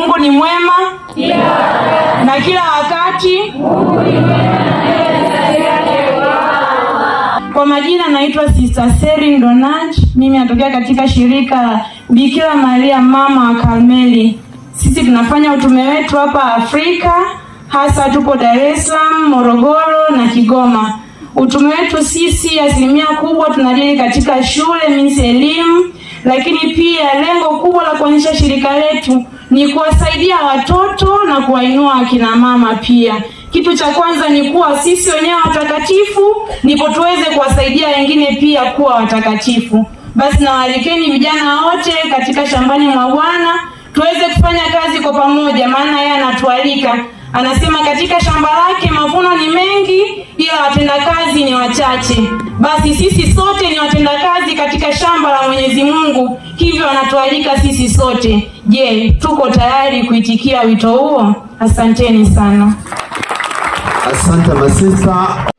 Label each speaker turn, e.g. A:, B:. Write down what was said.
A: Mungu ni mwema na kila wakati. Kwa majina naitwa Sister Serin Donat, mimi natokea katika shirika la Bikira Maria mama wa Karmeli. Sisi tunafanya utume wetu hapa Afrika, hasa tupo Dar es Salaam, Morogoro na Kigoma. Utume wetu sisi asilimia kubwa tunadili katika shule means elimu, lakini pia lengo kubwa la kuonyesha shirika letu ni kuwasaidia watoto na kuwainua akina mama pia. Kitu cha kwanza ni kuwa sisi wenyewe watakatifu, ndipo tuweze kuwasaidia wengine pia kuwa watakatifu. Basi nawaalikeni vijana wote katika shambani mwa Bwana tuweze kufanya kazi kwa pamoja, maana yeye anatualika, anasema katika shamba lake watendakazi ni wachache, basi sisi sote ni watendakazi katika shamba la Mwenyezi Mungu, hivyo anatualika sisi sote. Je, tuko tayari kuitikia wito huo? Asanteni sana. Asante masista.